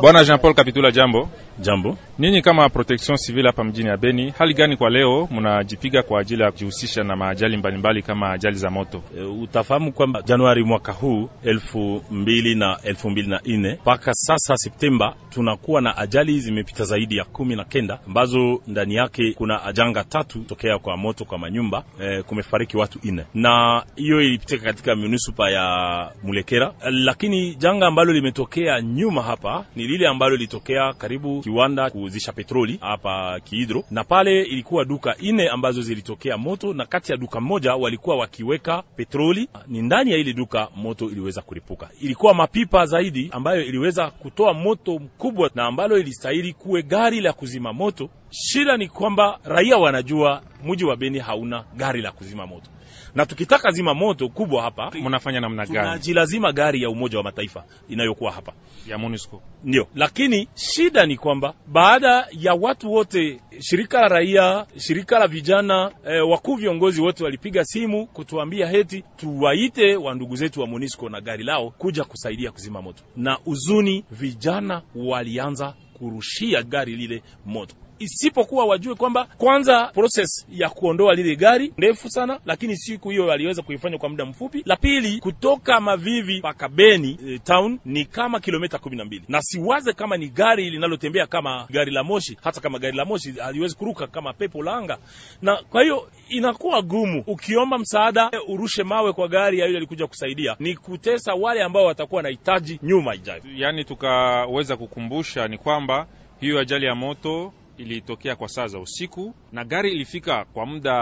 Bwana Jean Paul Capitula jambo. Jambo, ninyi kama protection civile hapa mjini ya Beni, hali gani kwa leo mnajipiga kwa ajili ya kujihusisha na maajali mbalimbali kama ajali za moto? E, utafahamu kwamba Januari mwaka huu elfu mbili na elfu mbili na nne mpaka sasa Septemba tunakuwa na ajali zimepita zaidi ya kumi na kenda ambazo ndani yake kuna ajanga tatu tokea kwa moto kwa manyumba. E, kumefariki watu nne na hiyo ilipitika katika munisipa ya Mulekera, lakini janga ambalo limetokea nyuma hapa ni lile ambalo lilitokea karibu kiwanda kuuzisha petroli hapa Kihidro, na pale ilikuwa duka ine ambazo zilitokea moto, na kati ya duka moja walikuwa wakiweka petroli. Ni ndani ya ile duka moto iliweza kuripuka. Ilikuwa mapipa zaidi ambayo iliweza kutoa moto mkubwa na ambalo ilistahili kuwe gari la kuzima moto. Shida ni kwamba raia wanajua mji wa Beni hauna gari la kuzima moto na tukitaka zima moto kubwa hapa, mnafanya namna gani? Tunajilazima gari ya Umoja wa Mataifa inayokuwa hapa ya MONUSCO, ndio. Lakini shida ni kwamba baada ya watu wote, shirika la raia, shirika la vijana, e, wakuu viongozi wote walipiga simu kutuambia heti tuwaite wandugu zetu wa MONUSCO na gari lao kuja kusaidia kuzima moto, na uzuni, vijana walianza kurushia gari lile moto isipokuwa wajue kwamba kwanza process ya kuondoa lile gari ndefu sana, lakini siku hiyo aliweza kuifanya kwa muda mfupi. La pili, kutoka Mavivi mpaka Beni e, town ni kama kilomita kumi na mbili, na siwaze kama ni gari linalotembea kama gari la moshi. Hata kama gari la moshi haliwezi kuruka kama pepo la anga, na kwa hiyo inakuwa gumu ukiomba msaada urushe mawe kwa gari ya yule alikuja kusaidia, ni kutesa wale ambao watakuwa wanahitaji nyuma ijayo. Yani tukaweza kukumbusha ni kwamba hiyo ajali ya moto ilitokea kwa saa za usiku, na gari ilifika kwa muda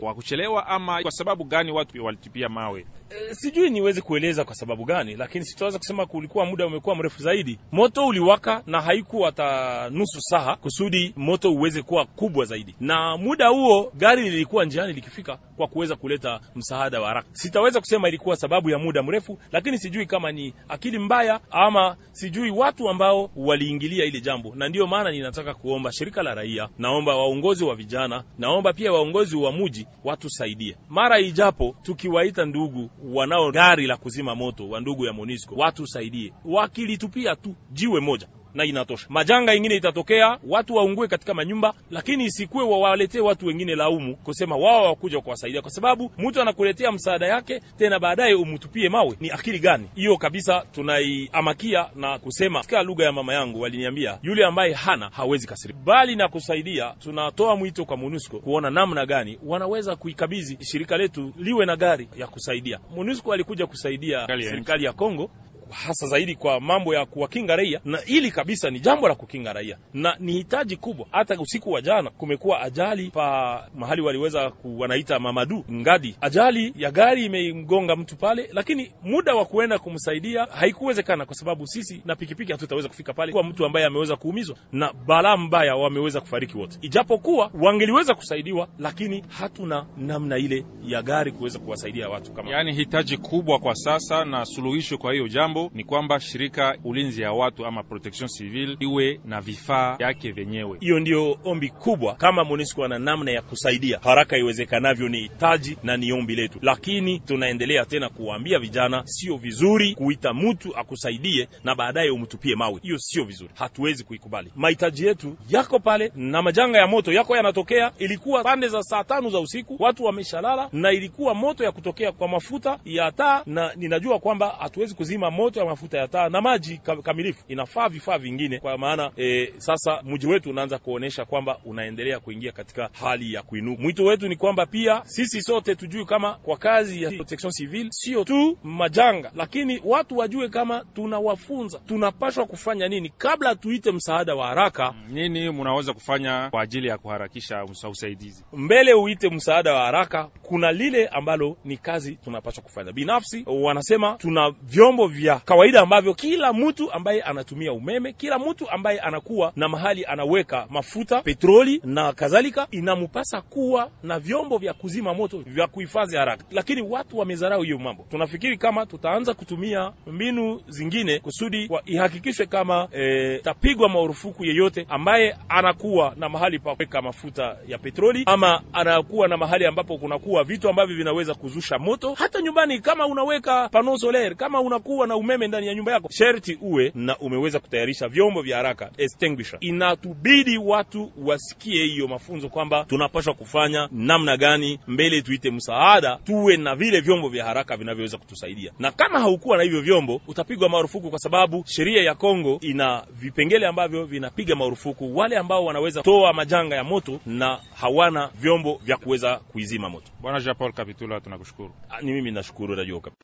wa kuchelewa, ama kwa sababu gani watu walitupia mawe? E, sijui niweze kueleza kwa sababu gani, lakini sitaweza kusema kulikuwa muda umekuwa mrefu zaidi. Moto uliwaka na haiku hata nusu saa kusudi moto uweze kuwa kubwa zaidi, na muda huo gari lilikuwa njiani likifika kwa kuweza kuleta msaada wa haraka. Sitaweza kusema ilikuwa sababu ya muda mrefu, lakini sijui kama ni akili mbaya ama sijui watu ambao waliingilia ile jambo, na ndiyo maana ninataka kuomba shirika shirika la raia, naomba waongozi wa vijana, naomba pia waongozi wa muji watusaidie mara ijapo, tukiwaita ndugu wanao gari la kuzima moto wa ndugu ya Monisco watusaidie, wakilitupia tu jiwe moja na inatosha. Majanga ingine itatokea, watu waungue katika manyumba, lakini isikuwe wawaletee watu wengine laumu kusema wao wakuja kuwasaidia, kwa sababu mtu anakuletea msaada yake tena baadaye umtupie mawe. Ni akili gani hiyo? Kabisa tunaiamakia na kusema katika lugha ya mama yangu waliniambia, yule ambaye hana hawezi kasiri, Bali na kusaidia, tunatoa mwito kwa MONUSCO kuona namna gani wanaweza kuikabidhi shirika letu liwe na gari ya kusaidia. MONUSCO alikuja kusaidia serikali ya Kongo hasa zaidi kwa mambo ya kuwakinga raia, na hili kabisa ni jambo la kukinga raia na ni hitaji kubwa. Hata usiku wa jana kumekuwa ajali pa mahali waliweza ku, wanaita Mamadu Ngadi, ajali ya gari imemgonga mtu pale, lakini muda wa kuenda kumsaidia haikuwezekana kwa sababu sisi na pikipiki hatutaweza kufika pale kwa mtu ambaye ameweza kuumizwa na balaa mbaya, wameweza kufariki wote, ijapokuwa wangeliweza kusaidiwa, lakini hatuna namna ile ya gari kuweza kuwasaidia watu kama. Yani hitaji kubwa kwa sasa na suluhisho kwa hiyo jambo ni kwamba shirika ulinzi ya watu ama protection civil iwe na vifaa yake vyenyewe. Hiyo ndiyo ombi kubwa, kama MONUSCO ana namna ya kusaidia haraka iwezekanavyo, ni hitaji na ni ombi letu, lakini tunaendelea tena kuwaambia vijana, sio vizuri kuita mtu akusaidie na baadaye umtupie mawe. Hiyo sio vizuri, hatuwezi kuikubali. Mahitaji yetu yako pale, na majanga ya moto yako yanatokea. Ilikuwa pande za saa tano za usiku, watu wameshalala, na ilikuwa moto ya kutokea kwa mafuta ya taa, na ninajua kwamba hatuwezi kuzima moto yote ya mafuta ya taa na maji kamilifu, inafaa vifaa vingine, kwa maana e, sasa mji wetu unaanza kuonesha kwamba unaendelea kuingia katika hali ya kuinuka. Mwito wetu ni kwamba pia sisi sote tujue kama kwa kazi ya protection civil sio tu majanga, lakini watu wajue kama tunawafunza, tunapashwa kufanya nini kabla tuite msaada wa haraka. Mm, nini mnaweza kufanya kwa ajili ya kuharakisha usaidizi mbele uite msaada wa haraka? Kuna lile ambalo ni kazi tunapashwa kufanya binafsi. Wanasema tuna vyombo vya kawaida ambavyo kila mtu ambaye anatumia umeme, kila mtu ambaye anakuwa na mahali anaweka mafuta, petroli na kadhalika, inamupasa kuwa na vyombo vya kuzima moto vya kuhifadhi haraka, lakini watu wamezarau hiyo mambo. Tunafikiri kama tutaanza kutumia mbinu zingine kusudi ihakikishwe kama e, tapigwa marufuku yeyote ambaye anakuwa na mahali pa kuweka mafuta ya petroli ama anakuwa na mahali ambapo kunakuwa vitu ambavyo vinaweza kuzusha moto. Hata nyumbani kama unaweka pano solaire, kama unakuwa na umeme ndani ya nyumba yako, sherti uwe na umeweza kutayarisha vyombo vya haraka extinguisher. Inatubidi watu wasikie hiyo mafunzo kwamba tunapaswa kufanya namna gani mbele, tuite msaada, tuwe na vile vyombo vya haraka vinavyoweza kutusaidia, na kama haukuwa na hivyo vyombo utapigwa marufuku, kwa sababu sheria ya Kongo ina vipengele ambavyo vinapiga marufuku wale ambao wanaweza toa majanga ya moto na hawana vyombo vya kuweza kuizima moto. Bwana Jean Paul Kapitula, tunakushukuru. Ah, ni mimi nashukuru Radio Kapitula.